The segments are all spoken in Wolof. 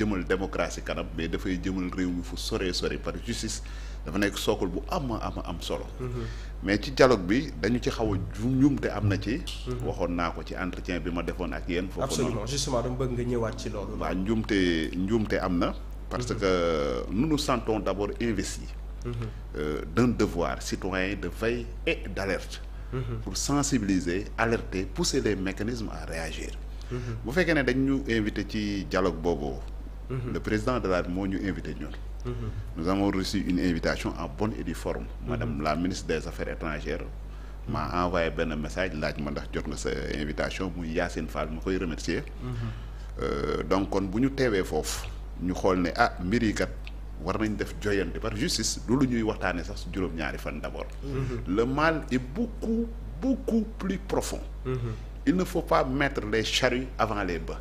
jëmal démocratie kanam mais dafay jëmal réew mi fu sore sore par justice dafa nekk sookul bu am am am solo. Mhm. mais ci dialogue bi dañu ci xaw a juum am na ci. Mhm. waxoon naa ko ci entretien bi ma defoon ak yéen. foofu noonu absolument justement dama nga ñëwaat ci loolu. waaw njuumte njuumte am na. parce mhm. que nous nous sentons d'abord investis. Euh, d'un devoir citoyen de veille et d'alerte. pour sensibiliser alerter pousser les mécanismes à réagir. bu fekkee ne dañ ñu invité ci jaloog boobu. Mm-hmm. le président de la moo ñu invité ñun. Mm-hmm. nous avons reçu une invitation en bonne et mm-hmm. madame la ministre des affaires étrangères. maa envoyé benn message laaj ma ndax jot nga sa invitation muy Yacine Fall ma koy remercier euh, donc kon bu ñu teewee foofu ñu xool ne ah mbir yi kat war nañ def joyante par justice du lu ñuy waxtaanee sax si juróom-ñaari fan d'abord. le mal est beaucoup beaucoup plus profond. il ne faut pas mettre les charrues avant les bœufs.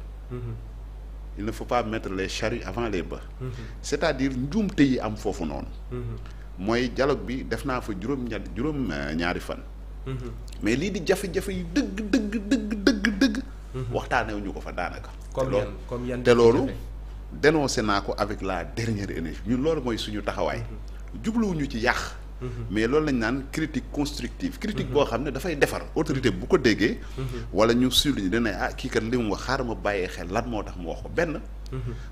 il ne faut pas mettre les charrues avant les ba mhm. c'est-à-dire njuumte yi am foofu noonu. Mhm. mooy jaloog bi def naa fa juróom ña juróom euh, ñaari fan. Mhm. mais lii di jafe-jafe yi dëgg dëgg dëgg dëgg dëgg. waxtaanee ñu ko fa daanaka. comme yan comme yan te loolu dénoncé naa ko avec la dernière énergie ñun loolu mooy suñu taxawaay. jubluwuñu ci yàq. Mhm. mais loolu lañ naan critique constructive critique mhm. boo xam ne dafay defar autorité bu ko déggee mhm. wala ñu souligner dana ah kii kat li mu wax xaar ma bàyyee xel lan moo tax mu wax ko benn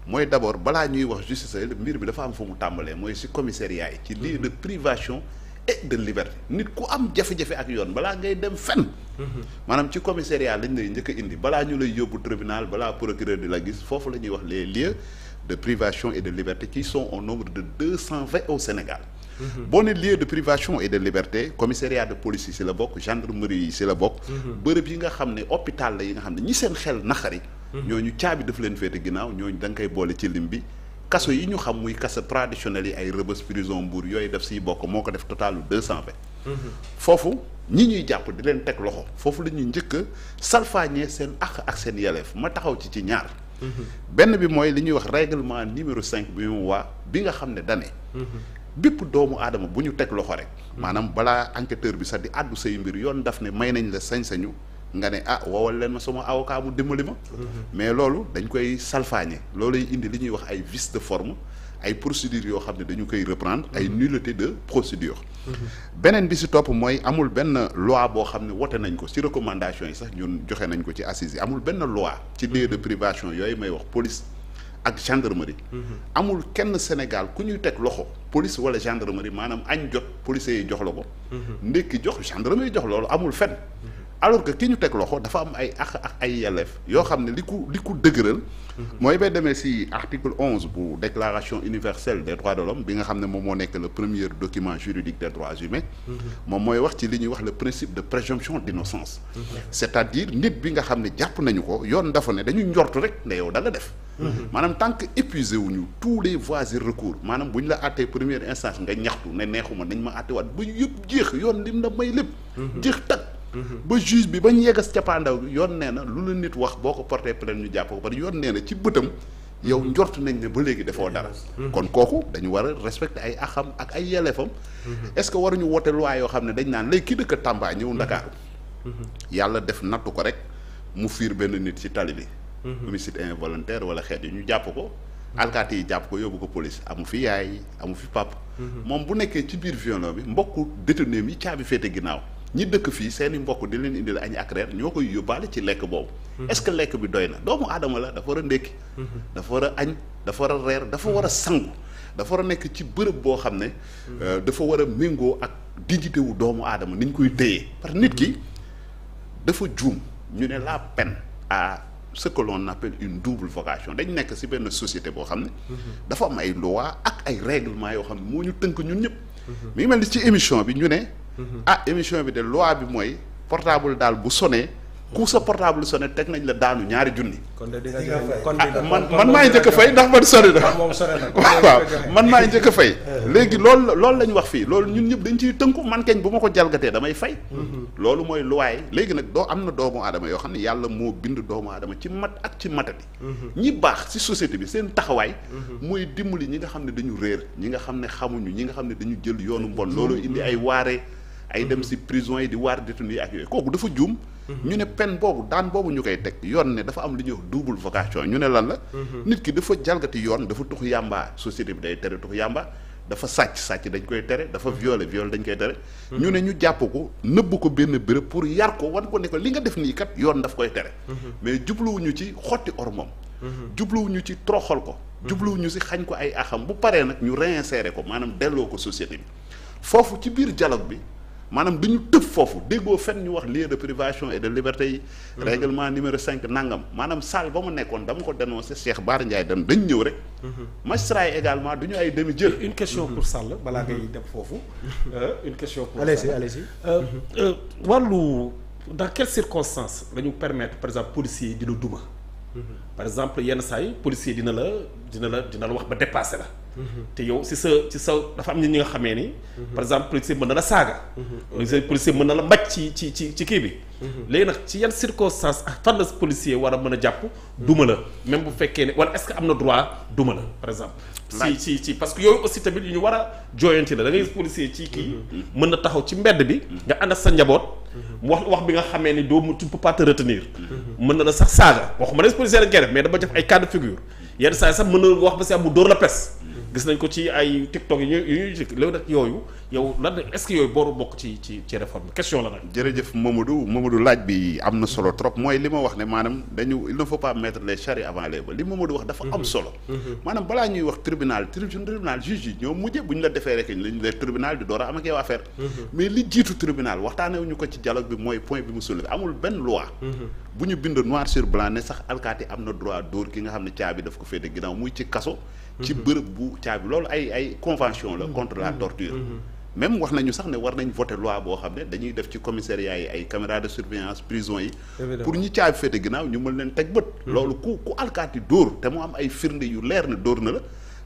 mooy d'abord balaa ñuy wax justice mbir bi dafa am fu mu tàmbalee mooy si commissariat yi ci lieu de privation et de liberté nit ku am jafe-jafe ak yoon balaa ngay dem fenn maanaam ci commissariat lañ lay njëkk indi balaa ñu lay yóbbu tribunal balaa procureur di la gis foofu la ñuy wax les lieux de privation et de liberté qui sont au nombre de cent vingt au Sénégal Mhm. boo ne lieu de privation et de liberté commissariat de police yi ci la bokk gendarmerie yi ci la bokk mhm. bërëb yi nga xam ne hôpital la yi nga xam ne ñi seen xel naqari mhm. ñooñu caabi daf leen féete ginnaaw ñooñu da nga koy boole ci lim bi kaso yi ñu xam muy kaso traditionnel yi ay rëbës prison mbuur yooyu def siy bokk moo ko def totalu deux cent vingt foofu ñi ñuy jàpp di leen teg loxo foofu la ñuy njëkk a salfaañee seen àq ak seen yeleef ma taxaw ci ci ñaar benn bi mooy li ñuy wax règlement numéro cinq bi mu bi nga xam ne dane bépp doomu aadama bu ñu teg loxo rek. maanaam balaa enquêteur bi sax di àddu say mbir yoon daf ne may nañ la sañ-sañu nga ne ah wowal leen ma sama avocat mu dimbali ma. mais loolu dañ koy salfaañe looluy indi li ñuy wax ay vices de forme ay procédures yoo xam ne dañu koy reprendre ay nullité de procédure. beneen bi si topp mooy amul benn loi boo xam ne wote nañ ko si recommandation yi sax ñun joxe nañ ko ci assises yi amul benn loi. ci lieu de privation yooyu may wax police. ak gendarmerie. Mhm. amul kenn Sénégal ku ñuy teg loxo police wala gendarmerie maanaam añ jot policiers yi jox la ko. Mhm. ndekki jox gendarmerie jox loolu amul fenn. Mhm. alors que ki ñu teg loxo dafa am ay ak ak ay yelleef yoo xam ne li ku li ku dëgëral. mooy bay demee si article onze bu déclaration universelle des droits de l'homme bi nga xam ne moom moo nekk le premier document juridique des droits humains moom mooy wax ci li ñuy wax le principe de présomption d'innocence c'est-à-dire nit bi nga xam ne jàpp nañu ko yoon dafa ne dañu njortu rek ne yow da nga def maanaam tant que épuisé wuñu tous les voies et recours maanaam bu ñu la àttee première instance nga ñaxtu ne neexuma nañ ma àttewaat bu ñu yëpp jeex yoon lim la may lépp jeex tag ba juge bi bañ yeggas cappaandaw bi yoon nee na lu la nit wax boo ko porté plainte ñu jàpp ko parce que yoon nee na ci bëtam yow njort nañ ne ba léegi defoo dara kon kooku dañu war a respecter ay axam ak ay yelleefam est-ce que waruñu woote loi yoo xam ne dañ naan léegi kii dëkk Tamba ñëw Ndakaaru yàlla def nattu ko rek mu fiir benn nit ci tali bi homicide involontaire wala xeet yi ñu jàpp ko alkaati yi jàpp ko yóbbu ko police amu fi yaay amu fi pap moom bu nekkee ci biir violon bi mbokku détenu yi caabi féete ginnaaw ñi dëkk fii seeni i mbokk di leen indil añ ak reer ñoo koy yóbbaale ci lekk boobu. Mhm. est-ce que lekk bi doy na doomu aadama la dafa war a ndékki. Mhm. dafa war a añ dafa war a reer dafa war a mhm. sangu dafa war a nekk ci bërëb boo xam ne. Euh, dafa war a méngoo ak dignité wu doomu aadama ni koy téye parce que nit ki dafa juum ñu ne la peine à ce que l'on une double vocation dañ nekk si benn société boo xam ne. dafa am ay loi ak ay règlement yoo xam ne moo ñu tënk ñun ñëpp. mi mel ni ci émission bi ñu ne. Mm-hmm. ah émission bi de loi bi mooy portable daal bu sonee ku sa portable sonné teg nañ la daanu ñaari junni. kon de ah, man man maa njëkk a fay ndax man sonné na. waaw man maa njëkk a fay. Mm-hmm. léegi loolu loolu lañ wax fii loolu ñun ñëpp dañ ciy tënku man keñ bu ma ko jalgatee damay fay. Mm-hmm. loolu mooy luwaay léegi nag doo am na doomu aadama yoo xam ne yàlla moo bind doomu adama ci mat ak ci matati. ñi baax ci société bi seen taxawaay. muy dimbali ñi nga xam ne dañu réer ñi nga xam ne xamuñu ñi nga xam ne dañu jël yoonu mbon loolu indi ay waare ay dem si prison yi di waar détenu yi ak yooyu kooku dafa juum mhm. ñu ne peine boobu daan boobu ñu koy teg yoon ne dafa am li ñuy wax double vocation ñu ne lan la mhm. nit ki dafa jalgati yoon dafa tux yàmbaa société bi day tere tux yàmbaa dafa sàcc sàcc dañ koy tere dafa violé mhm. violé dañ koy tere ñu ne ñu jàpp ko nëbb ko benn béréb pour yar ko wan ko ne li nga def nii kat yoon daf koy tere mais jubluwuñu ci xotti ormom jubluwuñu ci troxal ko jubluwuñu si xañ ko ay axam bu paree nag ñu réinsérer ko maanaam delloo ko société foofu ci biir dialogue bi maanaam du ñu tëb foofu déggoo fenn ñu wax lieu de privation et de liberté yi. Mhm. règlement numéro 5 nangam maanaam salle ba ma nekkoon dama ko dénoncé Cheikh Bara Ndiaye dem dañ ñëw rek. Mhm. magistrat yi également du ñu ay demi jël. une question mhm. pour Sall balaa ngay dem foofu. Euh, une question pour allez-y allez-y euh, euh, wàllu dans quelles circonstances la ñu permettre par exemple policier di la duma. par exemple yenn saay yi policier dina la dina la dina la wax ba dépassé la. te yow si sa ci sa dafa am nit ñi nga xamee ni. Mhm. par exemple policier mën na la saaga. Mhm. policier mën na la mbaj ci ci ci ci kii bi. Mhm. léegi nag ci yan circonstance ak fan la policier war a mën a jàpp duma la même bu fekkee ne wala est-ce que am na droit duma la par exemple. si ci ci parce que yooyu aussi tamit yu ñu war a jooyanti la da ngay policier ci mën na taxaw ci mbedd bi. nga ànd sa njaboot. wax wax bi nga xamee ni doo mu tu peux pas mën na la sax saaga waxuma ne policier la koy def mais dama def ay cas de figure yenn saa yi sax mën na wax ba si am mu dóor la pes gis nañ ko ci ay TikTok yi yu ñuy jëkk léegi yooyu yow lan est-ce que yooyu booru bokk ci ci ci réforme question la nag. jërëjëf Mamadou Mamadou laaj bi am na solo trop mooy li ma wax ne maanaam dañu il ne faut pas mettre les charrues wax dafa am mhm. solo. Mhm. maanaam balaa ñuy wax tribunal tribunal juge yi ñoo mujjee bu ñu la defee rek lañ le tribunal di door a am ak yow affaire. Mhm. mais li jiitu tribunal waxtaanee ñu ko ci dialogue bi mooy point bi mu soulevé amul benn loi. bu ñu bind noir sur blanc ne sax alkaati am na droit dóor ki nga xam ne caabi daf ko féete ginnaaw muy ci kaso ci mhm. bërëb bu caabi loolu ay ay convention la mhm. contre la mhm. torture même wax nañu sax ne war nañ voter loi boo xam ne dañuy def ci commissariat yi ay caméra de surveillance prison yi pour ñu caabi féete ginnaaw ñu mën leen teg bët loolu ku ku alkaati dóor te mu am ay firnde yu leer na dóor na la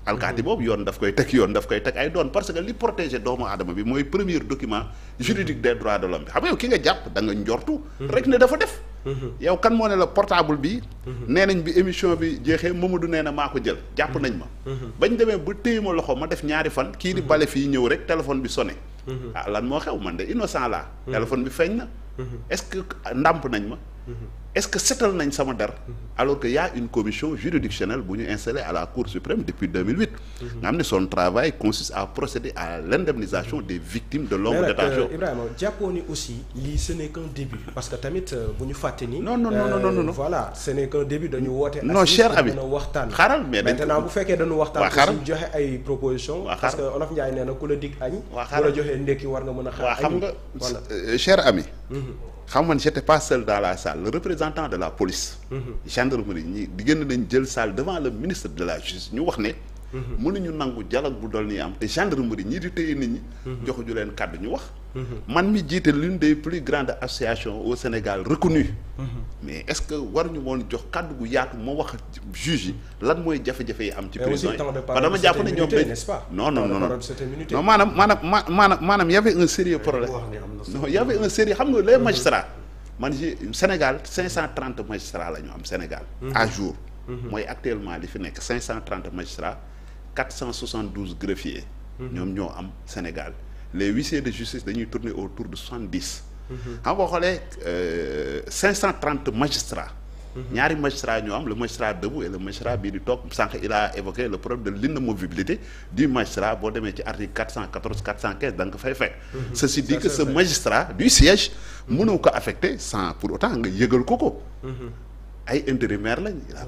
alkaati boobu yoon daf koy teg yoon daf koy teg ay doon parce que li protéger doomu aadama bi mooy premier document juridique des droits de l'homme bi xam nga yow da nga njortu rek ne dafa def Mm-hmm. yow kan moo ne la portable bi mm-hmm. nee nañ bi émission bi jeexee Mamadou nee na maa ko jël jàpp mm-hmm. nañ ma bañ demee ba téye ma loxo ma def ñaari fan kii di bale fii ñëw rek téléphone bi sonné ah lan moo xew man de innocent laa téléphone bi feeñ na est ndàmp nañ ma est-ce que setal nañ sama der alors que y a une commission juridictionnelle bu ñu installée à la cour suprême depuis 2008 nga xam ne son travail consiste à procéder à l'indemnisation des victimes de longue détention euh, Ibrahima jàppoo ni aussi lii ce n'est parce que tamit euh, bu ñu fàtte ni non non non non non euh, voilà ce n'est qu'un début dañu woote non cher ami waxtaan xaaral mais maintenant bu fekkee dañu waxtaan xaaral joxe ay proposition parce que Olof Ndiaye nee na ku la dig añ ku la joxee ndékki war nga a xaar añ xam nga cher ami mhm. xam nga j'étais pas seul dans la représentant de la police. Mhm. gendarmerie ñi di génn nañ jël salle devant le ministre de la justice ñu wax ne. mënuñu nangu dialogue bu dol nii am te gendarmerie ñii di téye nit ñi mhm. joxuñu leen kàddu ñu wax mhm. man mi jiite l'une des plus grandes associations au Sénégal reconnue mhm. mais est-ce que waruñu woon jox kàddu moo wax juge yi lan mooy jafe-jafe yi am Sénégal cinq la ñu am Sénégal à jour mooy actuellement li fi nekk cinq cent trente magistrats quatre cent soixante douze greffiers. Mhm. ñoom ñoo am Sénégal les huissiers de justice dañuy tourner autour de soixante dix. Mhm. xam nga xoolee euh, cinq cent trente magistrats. Mhm. ñaari magistrat ñoo am le magistrat debout et le magistrat bii di toog sànq il a évoqué le problème de l'inamovibilité du magistrat boo demee ci article 414 415 da nga ko fay fekk ceci dit que ce magistrat du siège mënoo ko affecté sans pour autant nga yëgal ko ko ay intérimaire lañ il a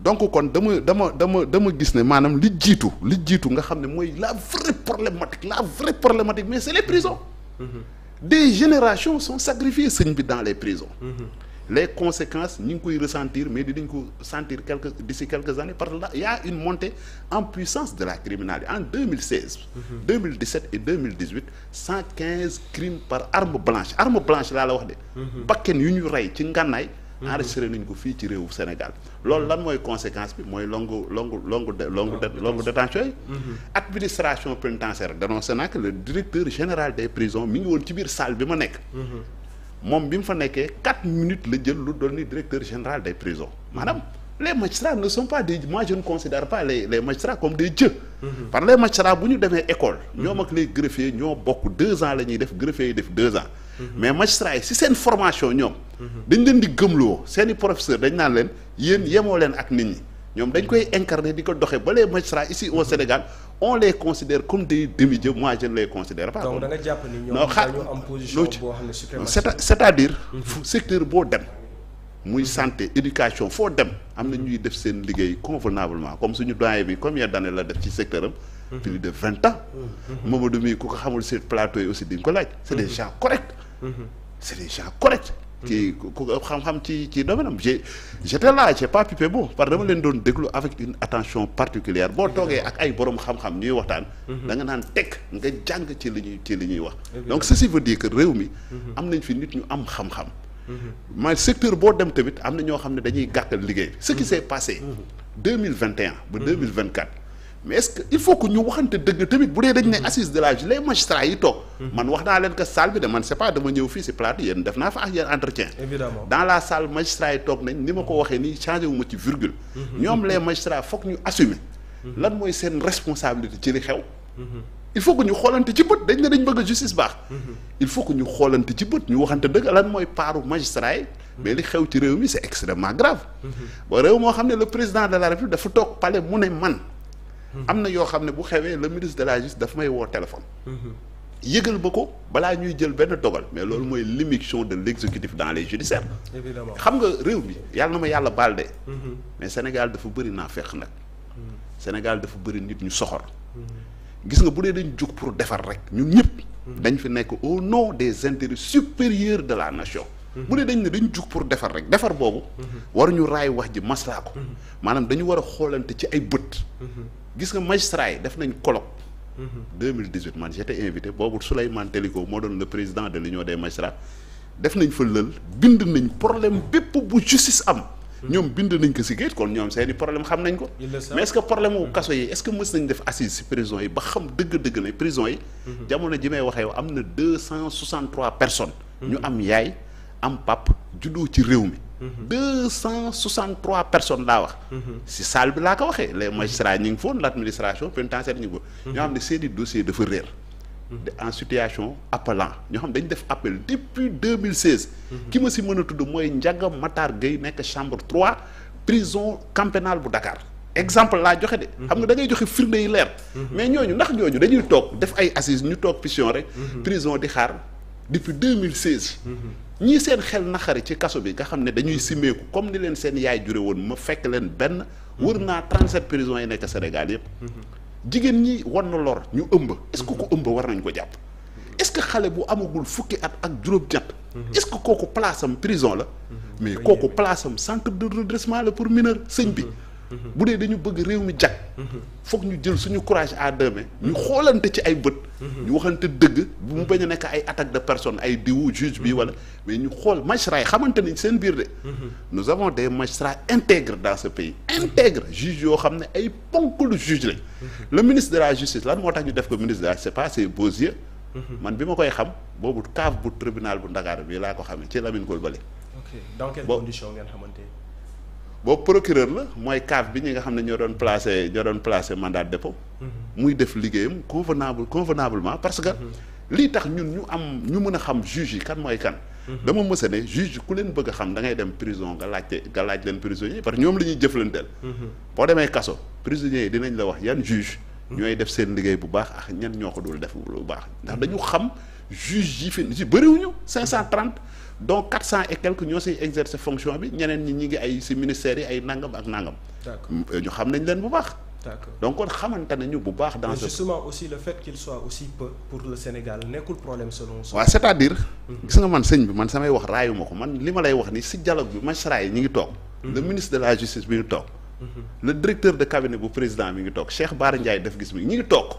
donc kon dama dama dama dama gis ne maanaam li jiitu li jiitu nga xam ne mooy la vraie problématique la vraie problématique mais c'est les prisons mm-hmm. des générations sont sacrifiées sëñ bi dans les prisons mm-hmm. les conséquences ñu ngi koy ressentir mais dinañ ko sentir quelques d'ici quelques années parce que là y a une montée en puissance de la criminalité en 2016 mmh. 2017 et crimes par arme blanche arme blanche laa la wax de mm-hmm. bakken yu ñu rey ci ngànnaay Mm-hmm. enregistré nañ ko fii ci réew Sénégal loolu lan mooy conséquence bi mooy longu longu longu de longu de longu détention yi mm-hmm. administration pénitentiaire dénoncé naa que le directeur général des prisons mi ngi woon ci biir salle bi ma nekk mm-hmm. moom bi mu fa nekkee quatre minutes la jël lu doon ni directeur général des prisons maanaam les magistrats ne sont pas des moi je ne considère pas les les comme des dieux. par les magistrats bu ñu demee école. ñoom ak les greffiers ñoo bokk deux ans la ñuy def greffier def deux ans. mais magistrat yi si seen formation ñoom. dañ leen di gëmloo seen i professeur dañ naan leen yéen yemoo leen ak nit ñi ñoom dañ koy incarner di ko doxee ba les magistrats ici au Sénégal on les considère comme des demi-dieux moi je ne les considère ne cest à mhm. boo dem. muy santé éducation foo dem am na mhm. ñuy def seen liggéey convenablement comme suñu doyen bi combien d'années la def ci secteur am. Mhm. plus de vingt ans. Mamadou mi ku ko xamul seen plateau yi aussi di nga ko laaj. c'est des gens corrects. c' est des gens ki ku xam-xam ci ci domaine am j' j'étais là j'ai pas pipé bon parce que dama leen doon déglu avec une attention particulière boo toogee ak ay borom xam-xam ñuy waxtaan. Mhm. da nga naan teg nga jàng ci li ñuy ci li ñuy wax. donc ceci veut dire que réew mi. Mhm. am nañ fi nit ñu am xam-xam. Mhm. mais secteur boo dem tamit am na ñoo xam ne dañuy gàkkal liggéey. ce qui s' est passé. deux mille vingt et un ba mais est-ce que il faut que ñu waxante dëgg tamit bu dee dañ ne mm-hmm. assise de la les magistrats yi toog. Mm-hmm. man wax naa leen que salle bi de man c'est pas dama ñëw fii si plateau yéen def naa fa ak yéen entretien. évidemment la salle magistrats toog nañ ni ma ko mm-hmm. waxee nii changé wu ci virgule. ñoom les magistrats foog ñu assumer. lan mooy seen responsabilité ci li xew. il faut que ñu xoolante ci bët dañ ne dañ bëgg justice ñu xoolante ci bët ñu waxante dëgg lan mooy paaru magistrat yi. mais li xew ci réew mi moo xam ne le président de la république dafa toog man. am na yoo xam ne bu xewee le ministre de la justice daf may woo téléphone. Mm-hmm. yëgal ba ko balaa ñuy jël benn dogal mais loolu mooy l'immixtion de l'exécutif dans les judiciaires. évidemment xam nga réew mi yàlla na ma yàlla baal de. Mm-hmm. mais Sénégal dafa bëri naa fekk nag. Mm-hmm. Sénégal dafa bëri nit ñu soxor. gis nga bu dee dañ jug pour defar rek ñun ñëpp. dañ fi nekk au nom des intérêts supérieurs de la nation. bu dee dañ ne dañ jug pour defar rek defar boobu. waruñu raay wax ji maslaa ko. maanaam war a xoolante ci gis nga magistrat yi def nañ colloque. 2018 man j'étais invité boobu Souleymane Teliko moo doon le président de l'union des magistrats def nañ fa lël bind nañ problème bépp bu justice am. ñoom bind nañ ko si géej kon ñoom seeni problème xam nañ ko. mais est-ce que problème wu kaso yi est-ce que mës nañ def assise si prison yi ba xam dëgg-dëgg ne prison yi. jamono ji may waxee yow am na 263 ñu am yaay am pap juddoo ci réew mi. Mhm. deux cent soixante trois personnes laa wax. Mhm. si salle bi laa ko waxee les mhm. magistrats ñu ngi foon l' administration pénitentiaire ñu ngi foon. ñoo xam ne seen i dossier dafa réer. en situation appelant ñoo xam ne dañ def appel depuis 2016. ki ma si mën a tudd mooy Ndiaga Matar Gueye nekk chambre 3 prison camp pénal bu Dakar exemple laa joxe de. xam nga da ngay joxe firnde yi leer. mais ñooñu ndax ñooñu dañuy toog def ay assis ñu toog prison rek. prison di xaar. depuis 2016. ñii seen xel naxari ci kaso bi nga xam ne dañuy simmeeku comme ni leen seen yaay jure woon ma fekk leen benn. wër naa 37 prisons yi nekk Sénégal yëpp. jigéen ñi wan na lor ñu ëmba est-ce que ko ëmb war nañ ko jàpp. est-ce que xale bu amagul fukki at ak juróom-ñett. est-ce que kooku place am prison la. Mhm. mais kooku place am centre de redressement la pour mineur sëñ bi. Mhm. bu dee dañu bëgg réew mi jag. foog ñu jël suñu courage à deux mains ñu xoolante ci ay bët. ñu waxante dëgg bu mu bañ nekk ay attaque de personne ay diwu juge bi wala mais ñu xool magistrat xamante nañ seen biir de. nous avons des magistrats intègres dans ce pays intègres juge yoo xam ne ay ponkalu juge lañ. le ministre de la justice lan moo tax ñu def ko ministre de la c'est pas man bi ma koy xam boobu kaaf bu tribunal bu Ndakaar bi laa ko xamee ci Lamine Coulibaly. ok dans quelles xamante. boobu procureur la mooy CAF bi ñi nga xam ne ñoo doon placé ñoo doon placé mandat de dépôt mhm. muy def liggéeyam convenable convenablement parce que mhm. lii tax ñun ñu am ñu mën a xam juge yi kan mooy kan mhm. dama mësa ne juge ku leen bëgg xam dangay dem prison nga laajte nga laaj leen prisonnier parce que ñoom la ñuy jëflanteel boo demee kaso prisonniers yi dinañ la wax yan juge ñooy def seen liggéey bu baax ak ñan ñoo ko dul def bu baax ndax dañu xam juge yi fi bëriwuñu cinq cent trente donc quatre cent et quelques ñoo siy exercer fonction bi ñeneen ñi ñi ngi ay si ministères yi ay nangam ak nangam. Mm, euh, ñu xam nañ leen bu baax. donc kon xamante nañu bu baax. dans ce justement aussi le fait qu'il aussi peu pour le Sénégal nekkul problème selon. waaw c'est-à-dire. Mhm. gis nga man sëñ bi man samay wax raayuma ko man li ma lay wax nii si dialogue bi magistrat yi ñu ngi toog. Mhm. le ministre de la justice bi ñu toog. Mhm. le directeur de cabinet bu président mi ngi toog Cheikh Bara Ndiaye def gis bi ñu ngi toog.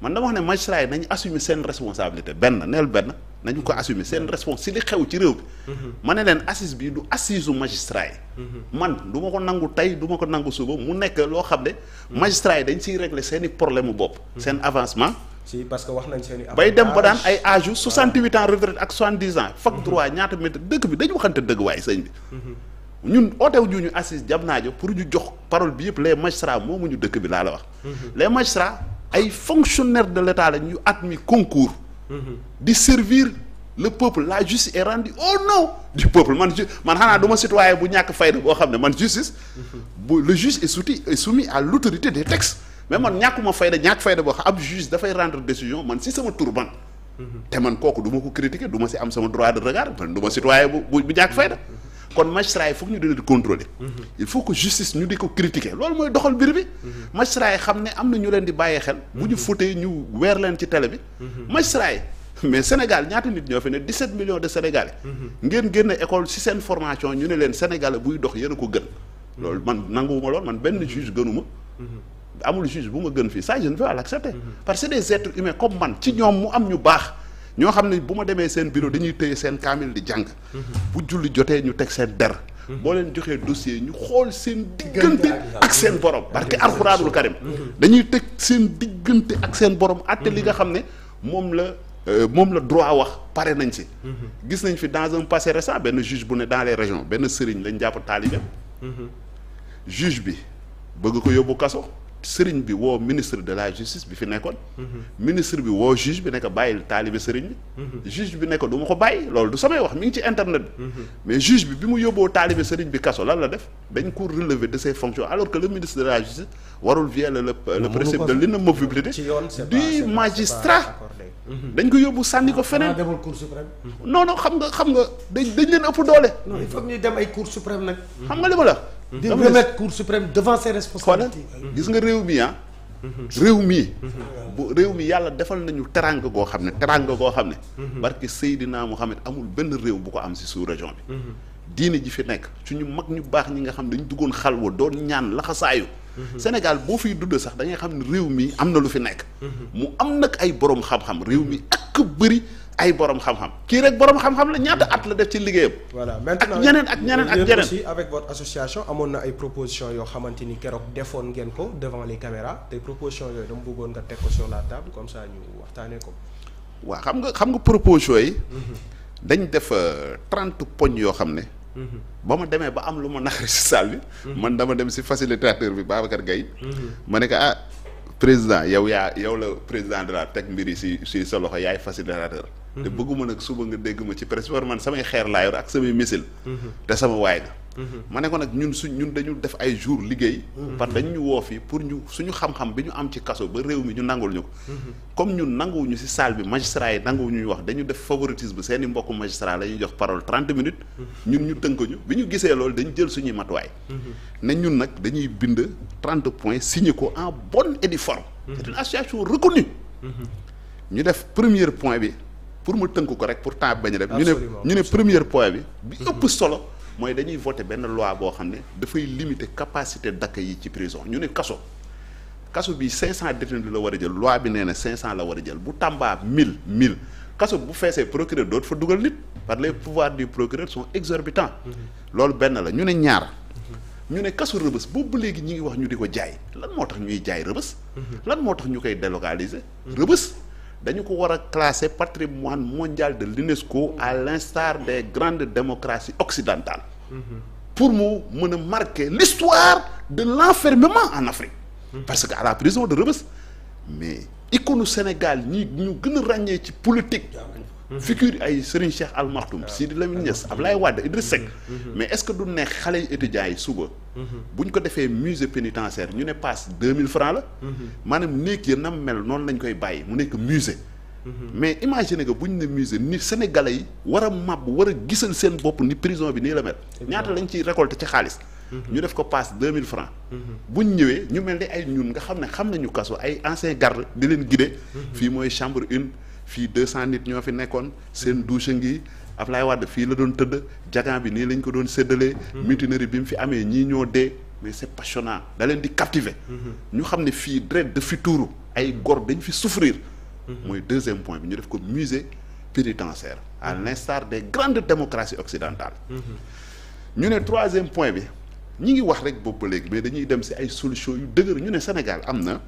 man dama wax ne magistrat yi nañu assumer seen responsabilité benn neel benn. nañu ko assumer seen respons si li xew ci réew bi mm-hmm. ma ne leen assise bi du assise u yi mm-hmm. man du ko nangu tey du ko nangu suba mu nekk loo xam ne mm-hmm. magistrat yi dañ siy régler seen i problème bopp seen avancement bay dem ba daan ay âge yu 68 ans retraite ak 70 ans fac droit ñaata mètre dëkk bi dañu waxante dëgg waaye sëñ bi ñun ootew ñu ñu assise jam naajo pour ñu jox parole bi yëpp les magistrats moomu dëkk bi laa la wax Mm-hmm. di servir le peuple la justice est rendue au nom du peuple man ju man xanaa du ma citoyen bu ñàkk fayda boo xam ne man justice mm-hmm. bu le juge est soumis est soumis à l'autorité des textes mais man ñàkkuma fayda ñàkk fayda boo xam ab juge dafay rendre décision man si sama turban mm-hmm. te man kooku du ma ko critiquer du ma si am sama droit de regard man du ma citoyen bu bu ñàkk fayda kon magistrat yi ñu dina di contrôler mhm. il faut que justice ñu di ko critiquer loolu mooy doxal mbir bi mhm. magistrat yi xam ne am na ñu leen di bàyyi xel bu ñu mhm. fóotee ñu weer leen ci télé bi magistrat yi mais Sénégal ñaata nit ñoo fi ne 17 millions de Sénégalais ngeen génne école si seen formation ñu ne leen Sénégalais buy dox yéen a ko gën loolu man nanguwuma lool man benn juge gënuma amul juge bu ma gën fii sa je ne veux pas l'accepter parce que des êtres man ci ñoom mu am ñu baax ñoo xam ne bu ma demee seen bureau dañuy téye seen kaamil di jàng bu julli jotee ñu teg seen der boo leen joxee dossier ñu xool seen diggante ak seen borom barke alxuraanul karim dañuy teg seen diggante ak seen borom àtte li nga xam ne moom la euh, moom la droit wax pare nañ si gis nañ fi dans un passé récent benn juge bu ne dans les région benn sëriñ lañ jàpp taalibeem mhm. juge bi bëgg ko yóbbu kaso sëriñ bi woo ministre de la justice bi fi nekkoon. ministre bi woo juge bi ne ko bàyyil taalibe sëriñ bi. juge bi ne ko ma ko bàyyi loolu du samay wax mi ngi ci internet bi. mais juge bi bi mu yóbboo taalibe sëriñ bi kaso lan la def dañ ko relever de ses fonctions alors que le ministre de la justice warul violer le le principe de l'inamovibilité du magistrat. dañ ko yóbbu sànni ko feneen. non non xam nga xam nga dañ dañ leen ëpp doole. non xam nga li la. Mhm. di remettre cour suprême devant ses responsabilités mhm. gis nga réew mi ah mhm. réew mi bu réew mi yàlla defal nañu terang goo xam ne terang goo xam ne barke Seydina Mohamed amul benn réew bu ko am si sous région bi diine ji fi nekk suñu mag ñu baax ñi nga xam dañu duggoon xalwa doon ñaan laxasaayu Sénégal boo fi dudd sax da xam ne réew mi am na lu fi nekk mu am nag ay boroom xam-xam réew mi ak bëri ay borom xam-xam kii rek borom xam-xam la ñaata at la def ci liggéeyam. voilà maintenant ak ñeneen ak ñeneen ak ñeneen aussi avec votre association na ay propositions yoo xamante ni keroog defoon ngeen ko devant les caméras te propositions yooyu dama bëggoon nga teg ko sur la table comme ça ñu waxtaanee ko. waa xam nga xam nga propositions yi. Mhm. dañ def euh, trente poñ yoo xam ne. Mhm. ba ma demee ba am lu ma naqari si salle bi. Mhm. man dama dem si facilitateur bi Babacar Gueye. ma ne ko ah. président yow yaa yow la président de la teg mbir yi si si sa loxo yaay facilitateur. Mhm. te bëgguma nag suba nga dégg ma ci presse war man samay xeer laa yor ak samay missile. Mhm. te sama waay nga. ma ne ko nag ñun suñ ñun dañu def ay jours liggéey. Mhm. parce que dañ ñu woo fii pour ñu suñu xam-xam bi ñu am ci kaso ba réew mi ñu nangul ñu ko. Mhm. comme ñun nanguwuñu si salle bi magistrat yi nanguwuñu ñu wax dañu def favoritisme seen i mbokku magistrat la ñuy jox parole trente minutes. Mhm. ñun ñu tënk bi ñu gisee loolu dañu jël suñuy matuwaay. ne ñun nag dañuy bind trente points signé ko en bonne et due forme. c'est une association reconnue. ñu def premier point bi pour mu tënk ko rek pour temps bañ a dem. ñu ne mooy dañuy voté benn loi boo xam ne dafay limiter capacité d'accueil yi ci prison ñu ne kaso kaso bi 500 détenus la war a jël loi bi nee na 500 la war a jël bu Tamba 1000 1000 kaso bu feesee procureur dootu fa dugal nit par les pouvoirs du procureur sont exorbitants. Mhm. loolu benn la ñu ne ñaar. Mhm. ñu ne kaso rëbës boobu léegi ñi ngi wax ñu di ko jaay lan moo tax ñuy jaay rëbës. Mhm. lan moo tax ñu koy délocaliser rëbës. dañu ko war a classer patrimoine mondial de l'UNESCO à l'instar des grandes démocraties occidentales pour mu mën a marquer l'histoire de l'enfermement en Afrique parce que à la prison de Rebeuss mais icône Sénégal ñi ñu gën a ràññee ci politique Mhm. figure ay Serigne Cheikh Al Maktoum Sidi Lamine Niass Ablaye Wade Idriss Seck mhm. Mhm. mais est ce que du ne xale yi étudiants yi suba buñ ko defee musée pénitentiaire ñu ne passe deux mille francs la maanaam néeg ya nam mel noonu lañ koy bàyyi mu nekk musée mais imaginez que buñ ne musée ni sénégalais yi war a màbb war a gisal seen bopp ni prison bi nii la mel ñaata lañ ciy récolté ci xaalis ñu def ko passe deux mille francs buñ ñëwee ñu mel ni ay ñun nga xam ne xam nañu kaso ay ancien garde di leen guider fii mooy chambre une fii deux cent nit ñoo fi nekkoon seen douche ngi Ablaye Wade fii la doon tëdd jagan bi nii lañ ko doon séddalee mhm. mutinerie bi mu fi amee ñii ñoo dee mais c'est passionnant da leen di captiver mhm. ñu xam ne fii dret de fi tuuru ay gor dañ fi souffrir mhm. mooy deuxième point bi ñu def ko musée pénitentiaire à l'instar des grandes démocraties occidentales ñu ne troisième point bi ñi ngi wax rek boobu léegi mais dañuy dem si ay solutions yu dëgër ñu ne Sénégal am na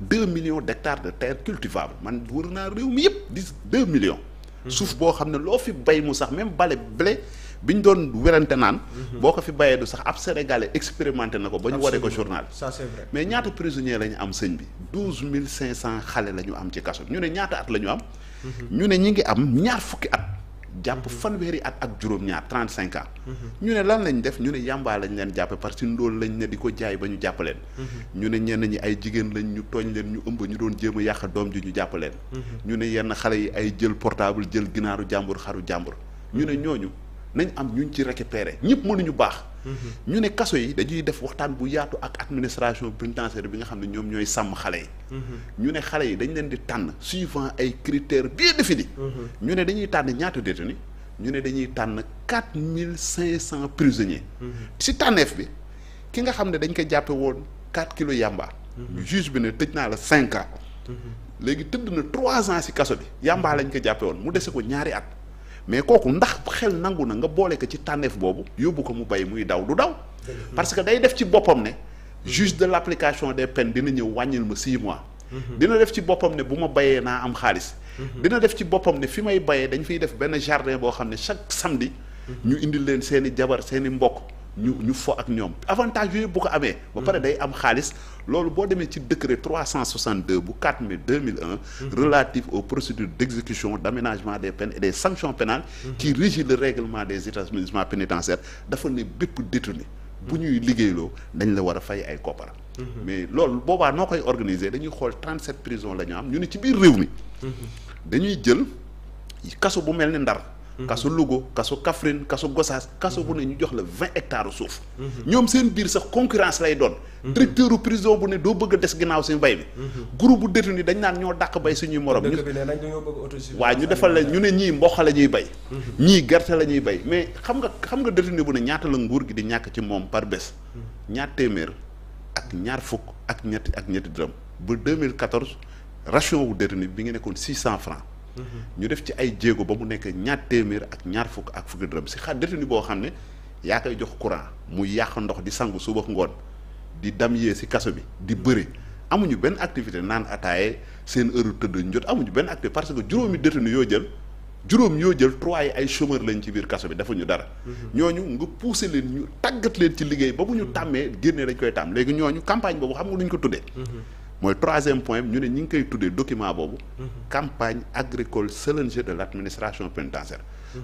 deux millions d'hectares de terre cultivable man wër naa réew mi yëpp di deux millions hmm. suuf boo xam ne loo fi bay mu sax même bale blé bi ñu doon werante naan hmm. boo ko fi bayee du sax ab sénégalais expérimenté na ko ba ñu waree ko journal ça mais ñaata prisonnier lañu am sëñ bi douze mille cinq cent xale la ñu am ci kaso ñu ne ñaata at lañu am hmm. ñu ne ñi ngi am ñaar fukki at jàpp mhm. fanweeri at ak juróom-ñaar trente cinq mhm. ñu ne lan lañ def ñu ne yàmbaa lañ leen jàppe parce que ndóol lañ ne di ko jaay ba ñu jàpp leen. Mhm. ñu ne ñenn ñi ay jigéen lañ ñu tooñ leen ñu ëmb ñu doon jéem a yàq doom ju ñu jàpp leen. ñu ne yenn xale yi ay jël portable jël ginaaru jàmbur xaru jàmbur. ñu ne ñooñu nañ am ñuñ ci récupérer ñëpp mënuñu baax. ñu ne kaso yi dañuy def waxtaan bu yaatu ak administration pénitentiaire bi nga xam ne ñoom ñooy sàmm xale yi. Mhm. ñu ne xale yi dañ leen di tànn suivant ay critères bien définis. Mhm. ñu ne dañuy tànn ñaata détenu ñu ne dañuy tànn quatre mille cinq cent prisonniers. si mhm. tànneef bi ki nga xam ne dañ ko jàppe woon quatre kilos yàmba. juge bi ne tëj naa la cinq ans. léegi tëdd na trois ans si kaso bi yambaa lañ ko jàppe woon mu dese ko ñaari at. mais kooku ndax xel nangu na nga boole ko ci tànneef boobu yóbbu ko mu bay muy daw du daw. parce que day def ci boppam ne. juge de l' application des peines dina ñëw wàññil ma 6 mois. Mhm. dina def ci boppam ne bu ma bayee naa am xaalis. Mhm. dina def ci boppam ne fi may bayee dañ fiy def benn jardin boo xam ne chaque samedi. Mhm. ñu indil leen seen i jabar seen i mbokk. ñu ñu fo ak ñoom avantage yooyu bu ko amee. ba pare mm-hmm. day am xaalis loolu boo demee ci décret 362 bu 4 mille 2001. Mm-hmm. relatif au procédures d'exécution d'aménagement des peines et des sanctions pénales. Mm-hmm. qui régit le règlement des établissements pénitentiaires dafa ne bépp détenu bu ñuy liggéeyloo dañ la war a fay ay koppar. mais loolu boobaa noo koy organiser dañuy xool 37 prisons la ñu am ñu ne ci biir réew mi. dañuy jël kaso bu mel ni Ndar. kasu Louga kasu Kaffrine kasu Gossas kasu bu ne ñu jox la vingt hectares suuf ñoom seen biir sax concurrence lay doon directeur prison bu ne doo bëgg a des ginnaaw si mbay mi groupe bu détenu dañ naan ñoo dàq bay suñuy morom ñu ñu defal la ne ñii mboq la bay mhm. ñii gerte la bay mais xam nga xam nga détenu bu ne ñaata la nguur gi di ñàkk ci moom par bés mhm. ñaar téeméer ak ñaar fukk ak ñetti ak ñetti dërëm ba 2014 ration wu détenu bi nga nekkoon ñu def ci ay jéego ba mu nekk ñaar téeméer ak ñaar fukk ak fukki dërëm si xa détenu boo xam ne yaa koy jox courant mu yàq ndox di sangu suba ngoon di dam yee si kaso bi di bëri amuñu benn activité naan ataaye seen heure tëdd jot amuñu benn activité parce que juróomi détenu yoo jël juróom yoo jël trois yi ay chômeur lañ ci biir kaso bi defuñu dara. ñoo mhm. ñooñu nga poussé leen ñu tàggat leen ci liggéey ba bu ñu tàmmee génne dañ koy tàmm léegi ñooñu campagne boobu xam nga nuñ ko tuddee. Mhm. mooy troisième point ñu ne ñi ngi koy tuddee document boobu campagne agricole challenger de l' administration pénitentiaire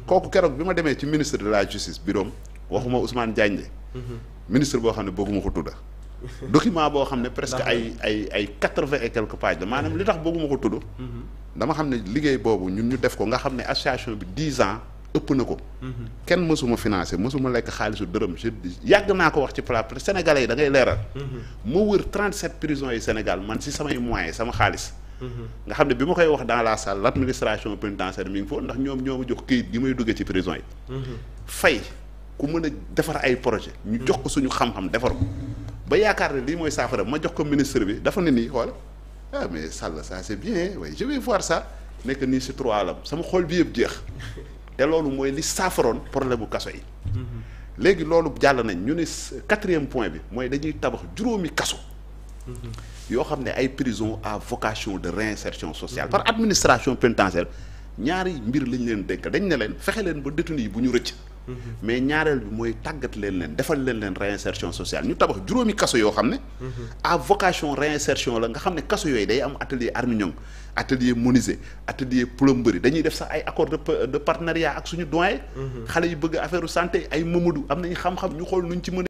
kooku keroog bi ma demee ci ministre de la justice biroom waxuma Ousmane Diagne ministre boo xam ne bëgguma ko tudda document boo xam ne presque ay ay ay quatre-vingt et quelques la maanaam li tax bëgguma ko tudd dama xam ne liggéey boobu ñu ñu def ko nga xam ne association bi dix ans ëpp na ko. kenn mësuma financé mësuma lekk xaalisu dërëm je yàgg naa ko wax ci plateau sénégalais yi da ngay leeral. ma wër 37 prisons yi Sénégal man si samay moyens sama xaalis. nga xam ne bi ma koy wax dans la salle l' administration pénitentiaire mi ngi foofu ndax ñoom ñoo jox këyit gi may duggee ci prison yi. fay ku mën a defar ay projet ñu jox ko suñu xam-xam defar ko. ba yaakaar ne lii mooy saafara ma jox ko ministre bi dafa ne nii xool ah mais Sall ça c' est bien oui je te loolu mooy li saafaroon problème bu kaso yi. léegi loolu jàll nañ ñu ne quatrième point bi mooy dañuy tabax juróomi kaso. yoo xam ne ay prison à vocation de réinsertion sociale. par administration pénitentiaire ñaari mbir lañ leen dénk dañ ne leen fexe leen ba détenu yi bu ñu rëcc. mais ñaareel bi mooy tàggat leen leen defal leen leen réinsertion sociale ñu tabax juróomi kaso yoo xam ne. à vocation réinsertion la nga xam ne kaso yooyu day am atelier arminion atelier menuisier atelier plomberie dañuy def sax ay accord de partenariat ak suñu doyen. Mhm. xale yu bëgg affaire santé ay Mamadou am nañu xam-xam ñu xool nuñ ci mën